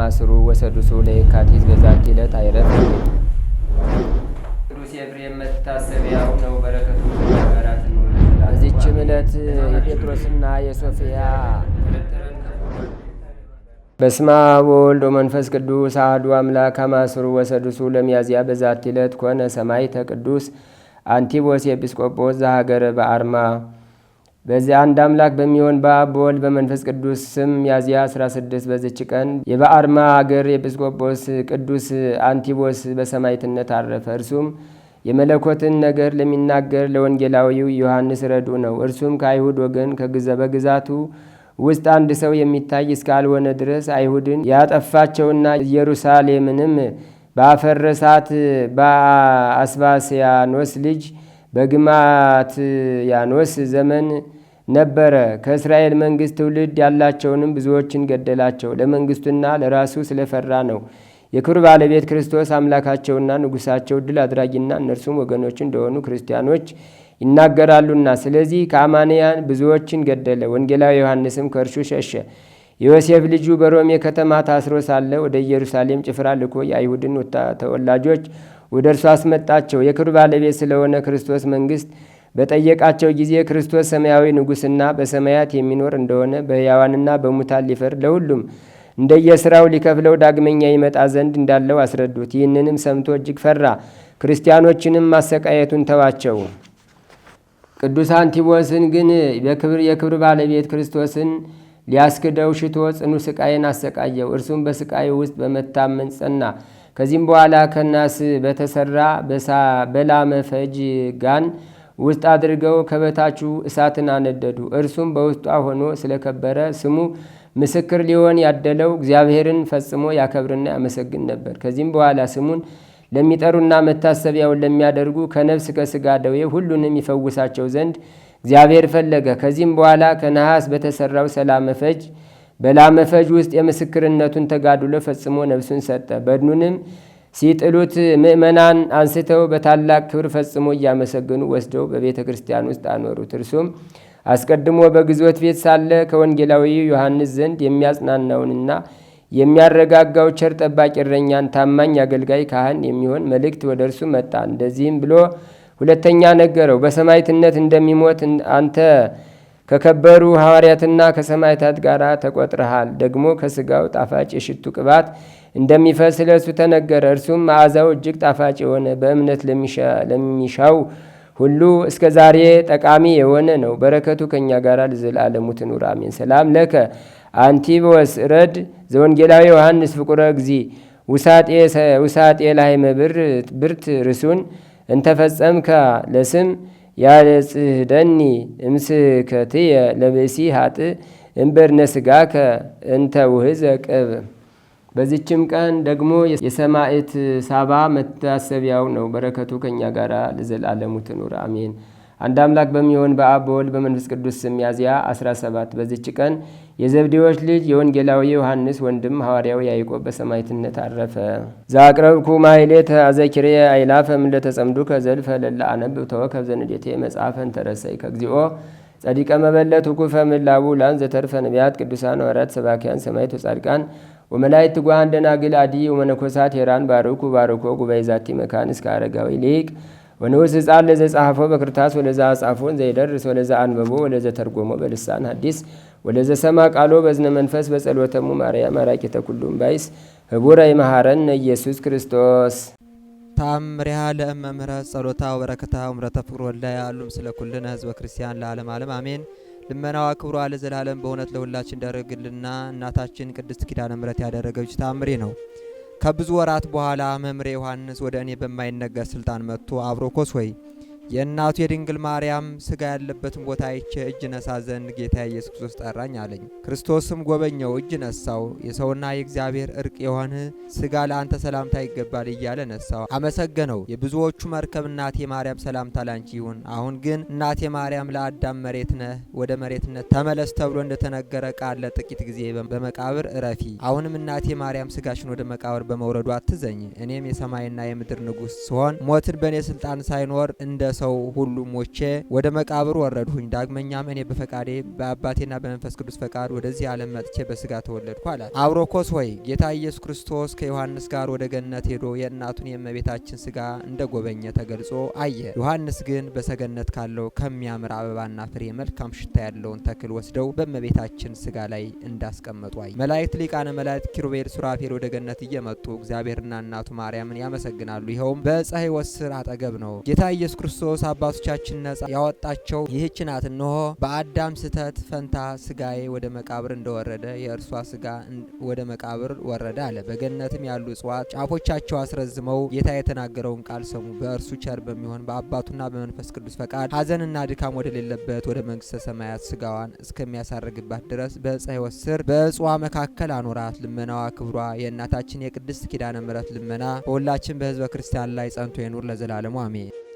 ማስሩ ወሰዱሱ ለየካቲት በዛቲ ዕለት አይረፍ ቅዱስ ኤፍሬም መታሰቢያው ነው። በረከቱ ጋራት በዚችም ዕለት የጴጥሮስና የሶፊያ በስማ ወልድ መንፈስ ቅዱስ አህዱ አምላክ አማስሩ ወሰዱሱ ለሚያዝያ በዛቲ ዕለት ኮነ ሰማዕተ ቅዱስ አንቲቦስ ኤጲስቆጶስ ዘሀገረ በአርማ በዚህ አንድ አምላክ በሚሆን በአብ በወልድ በመንፈስ ቅዱስ ስም ሚያዝያ 16 በዚች ቀን የበአርማ አገር ኤጲስቆጶስ ቅዱስ አንቲቦስ በሰማይትነት አረፈ። እርሱም የመለኮትን ነገር ለሚናገር ለወንጌላዊው ዮሐንስ ረዱ ነው። እርሱም ከአይሁድ ወገን በግዛቱ ውስጥ አንድ ሰው የሚታይ እስካልሆነ ድረስ አይሁድን ያጠፋቸውና ኢየሩሳሌምንም ባፈረሳት በአስባስያኖስ ልጅ በግማትያኖስ ዘመን ነበረ። ከእስራኤል መንግስት ትውልድ ያላቸውንም ብዙዎችን ገደላቸው። ለመንግስቱና ለራሱ ስለፈራ ነው። የክብር ባለቤት ክርስቶስ አምላካቸውና ንጉሳቸው ድል አድራጊና እነርሱም ወገኖች እንደሆኑ ክርስቲያኖች ይናገራሉና። ስለዚህ ከአማንያን ብዙዎችን ገደለ። ወንጌላዊ ዮሐንስም ከእርሱ ሸሸ። ዮሴፍ ልጁ በሮሜ ከተማ ታስሮ ሳለ ወደ ኢየሩሳሌም ጭፍራ ልኮ የአይሁድን ተወላጆች ወደ እርሱ አስመጣቸው። የክብር ባለቤት ስለሆነ ክርስቶስ መንግስት በጠየቃቸው ጊዜ ክርስቶስ ሰማያዊ ንጉሥና በሰማያት የሚኖር እንደሆነ በሕያዋንና በሙታን ሊፈርድ ለሁሉም እንደየሥራው ሊከፍለው ዳግመኛ ይመጣ ዘንድ እንዳለው አስረዱት። ይህንንም ሰምቶ እጅግ ፈራ። ክርስቲያኖችንም ማሰቃየቱን ተዋቸው። ቅዱስ አንቲቦስን ግን በክብር የክብር ባለቤት ክርስቶስን ሊያስክደው ሽቶ ጽኑ ስቃይን አሰቃየው። እርሱም በስቃይ ውስጥ በመታመን ጸና። ከዚህም በኋላ ከናስ በተሰራ በላመ ፈጅ ጋን ውስጥ አድርገው ከበታቹ እሳትን አነደዱ። እርሱም በውስጧ ሆኖ ስለከበረ ስሙ ምስክር ሊሆን ያደለው እግዚአብሔርን ፈጽሞ ያከብርና ያመሰግን ነበር። ከዚህም በኋላ ስሙን ለሚጠሩና መታሰቢያውን ለሚያደርጉ ከነፍስ ከስጋ ደዌ ሁሉንም ይፈውሳቸው ዘንድ እግዚአብሔር ፈለገ። ከዚህም በኋላ ከነሐስ በተሰራው ሰላመ ፈጅ በላመፈጅ ውስጥ የምስክርነቱን ተጋድሎ ፈጽሞ ነፍሱን ሰጠ። በድኑንም ሲጥሉት ምእመናን አንስተው በታላቅ ክብር ፈጽሞ እያመሰገኑ ወስደው በቤተ ክርስቲያን ውስጥ አኖሩት። እርሱም አስቀድሞ በግዞት ቤት ሳለ ከወንጌላዊ ዮሐንስ ዘንድ የሚያጽናናውንና የሚያረጋጋው ቸር ጠባቂ እረኛን፣ ታማኝ አገልጋይ ካህን የሚሆን መልእክት ወደ እርሱ መጣ። እንደዚህም ብሎ ሁለተኛ ነገረው። በሰማዕትነት እንደሚሞት አንተ ከከበሩ ሐዋርያትና ከሰማይታት ጋር ተቆጥረሃል። ደግሞ ከሥጋው ጣፋጭ የሽቱ ቅባት እንደሚፈስ ለእሱ ተነገረ። እርሱም መዓዛው እጅግ ጣፋጭ የሆነ በእምነት ለሚሻው ሁሉ እስከ ዛሬ ጠቃሚ የሆነ ነው። በረከቱ ከእኛ ጋር ለዘላለሙ ትኑር አሜን። ሰላም ለከ አንቲቦስ ረድ ዘወንጌላዊ ዮሐንስ ፍቁረ እግዚ ውሳጤ ላይ መብር ብርት ርሱን እንተፈጸምከ ለስም ያለጽህደኒ ከትየ ለብእሲ ሀጥ እምበርነ ስጋከ እንተ ውህዘ ቅብ። በዚችም ቀን ደግሞ የሰማዕት ሳባ መታሰቢያው ነው። በረከቱ ከእኛ ጋር ለዘላለሙ ትኑር አሜን። አንድ አምላክ በሚሆን በአብ በወልድ በመንፈስ ቅዱስ ስም ሚያዝያ 17 በዚች ቀን የዘብዴዎች ልጅ የወንጌላዊ ዮሐንስ ወንድም ሐዋርያው ያዕቆብ በሰማዕትነት አረፈ። ዛቅረብኩ ማሕሌተ አዘኪሬ አይላፈም ለተጸምዱ ከዘልፈ ለላ አነብብ ተወከብ ከብዘንዴቴ መጽሐፈን ተረሰይ ከግዚኦ ጸዲቀ መበለት ውኩፈ ምላቡ ላን ዘተርፈ ነቢያት ቅዱሳን ወረት ሰባኪያን ሰማዕት ወጻድቃን ወመላይት ትጓሃን ደናግል አዲ ወመነኮሳት ሄራን ባርኩ ባርኮ ጉባኤ ዛቲ መካን እስከ አረጋዊ ሊቅ ወንውስ ህፃን ለዘ ጻሐፎ በክርታስ ወለዛ አጻፎን ዘይደርስ ወለዛ አንበቦ ወለዘ ተርጎሞ በልሳን ሐዲስ ወደ ዘሰማ ቃሎ በዝነ መንፈስ በጸሎተሙ ማርያም አራቂተ ተኩሉም ባይስ ህቡረ ይመሃረን ኢየሱስ ክርስቶስ ታምሪያ ለእመ ምህረት ጸሎታ ወበረከታ ውምረተ ፍቅር ወልዳ ያሉም ስለ ኩልነ ህዝበ ክርስቲያን ለዓለም ዓለም አሜን። ልመናዋ ክብሯ ለዘላለም በእውነት ለሁላችን እንዳደረግልና እናታችን ቅድስት ኪዳነ ምህረት ያደረገች ታምሪ ነው። ከብዙ ወራት በኋላ መምሬ ዮሐንስ ወደ እኔ በማይነገር ስልጣን መጥቶ አብሮኮስ ወይ የእናቱ የድንግል ማርያም ስጋ ያለበትን ቦታ አይቼ እጅ ነሳ ዘንድ ጌታ ኢየሱስ ክርስቶስ ጠራኝ አለኝ። ክርስቶስም ጎበኘው፣ እጅ ነሳው። የሰውና የእግዚአብሔር እርቅ የሆነ ስጋ ለአንተ ሰላምታ ይገባል እያለ ነሳው፣ አመሰገነው። የብዙዎቹ መርከብ እናቴ ማርያም ሰላምታ ላንቺ ይሁን። አሁን ግን እናቴ ማርያም ለአዳም መሬት ነህ፣ ወደ መሬትነት ተመለስ ተብሎ እንደተነገረ ቃል ለጥቂት ጊዜ በመቃብር እረፊ። አሁንም እናቴ ማርያም ስጋሽን ወደ መቃብር በመውረዱ አትዘኝ። እኔም የሰማይና የምድር ንጉሥ ስሆን ሞትን በእኔ ስልጣን ሳይኖር እንደ ሰው ሁሉ ሞቼ ወደ መቃብር ወረድሁኝ። ዳግመኛም እኔ በፈቃዴ በአባቴና በመንፈስ ቅዱስ ፈቃድ ወደዚህ ዓለም መጥቼ በስጋ ተወለድኩ አላት። አብሮኮስ ሆይ ጌታ ኢየሱስ ክርስቶስ ከዮሐንስ ጋር ወደ ገነት ሄዶ የእናቱን የእመቤታችን ስጋ እንደ ጎበኘ ተገልጾ አየ። ዮሐንስ ግን በሰገነት ካለው ከሚያምር አበባና ፍሬ መልካም ሽታ ያለውን ተክል ወስደው በእመቤታችን ስጋ ላይ እንዳስቀመጡ አየ። መላእክት፣ ሊቃነ መላእክት፣ ኪሩቤል፣ ሱራፌል ወደ ገነት እየመጡ እግዚአብሔርና እናቱ ማርያምን ያመሰግናሉ። ይኸውም በዕፀ ሕይወት ስር አጠገብ ነው። ጌታ ኢየሱስ ክርስቶስ ክርስቶስ አባቶቻችን ነጻ ያወጣቸው ይህች ናት። እንሆ በአዳም ስህተት ፈንታ ስጋዬ ወደ መቃብር እንደወረደ የእርሷ ስጋ ወደ መቃብር ወረደ አለ። በገነትም ያሉ እጽዋት ጫፎቻቸው አስረዝመው ጌታ የተናገረውን ቃል ሰሙ። በእርሱ ቸር በሚሆን በአባቱና በመንፈስ ቅዱስ ፈቃድ ሐዘንና ድካም ወደሌለበት ወደ መንግስተ ሰማያት ስጋዋን እስከሚያሳርግባት ድረስ በዕፀ ሕይወት ስር በእጽዋ መካከል አኖራት። ልመናዋ ክብሯ የእናታችን የቅድስት ኪዳነ ምሕረት ልመና በሁላችን በህዝበ ክርስቲያን ላይ ጸንቶ የኑር ለዘላለሙ አሜን።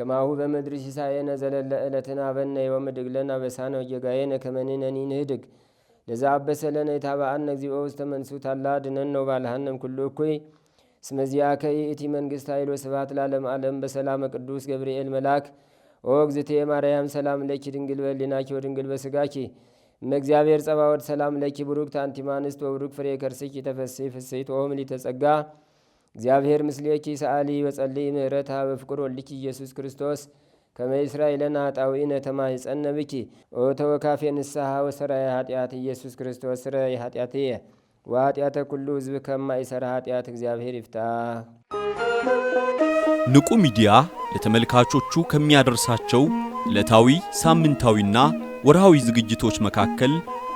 ከማሁ በምድሪ ሲሳየነ ዘለለ ዕለትን አበነ ወምድግለን አበሳነ ወጌጋየነ ከመንነኒ ንህድግ ለዛ አበሰለነ የታብአነ እግዚኦ ውስተ መንሱት አላ ድነን ነው ባልሃንም ኩሉ እኩይ እስመዚያ ከይእቲ መንግስት ኃይሎ ስብሐት ላለም ዓለም በሰላመ ቅዱስ ገብርኤል መልአክ ኦ እግዝእቴ ማርያም ሰላም ለኪ ድንግል በሊናኪ ወድንግል በስጋኪ እመእግዚአብሔር ጸባወድ ሰላም ለኪ ቡሩክት አንቲ እምአንስት ፍሬ ከርስኪ ተፈሥሒ ፍሥሕት ኦ ምልዕተ እግዚአብሔር ምስሌኪ ሰአሊ በጸልይ ምህረታ በፍቅር ወልኪ ኢየሱስ ክርስቶስ ከመ እስራኤለን አጣዊነ ተማይጸነ ብኪ ኦ ተወካፌ ንስሐ ወሰራይ ኃጢአት ኢየሱስ ክርስቶስ ስረ ስረይ የ ወኃጢአተ ኩሉ ከማ ይሰረ ኃጢአት እግዚአብሔር ይፍታ። ንቁ ሚዲያ ለተመልካቾቹ ከሚያደርሳቸው ዕለታዊ ሳምንታዊና ወርሃዊ ዝግጅቶች መካከል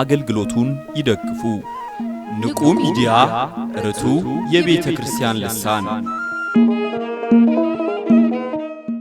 አገልግሎቱን ይደግፉ። ንቁ ሚዲያ ርቱ የቤተ ክርስቲያን ልሳን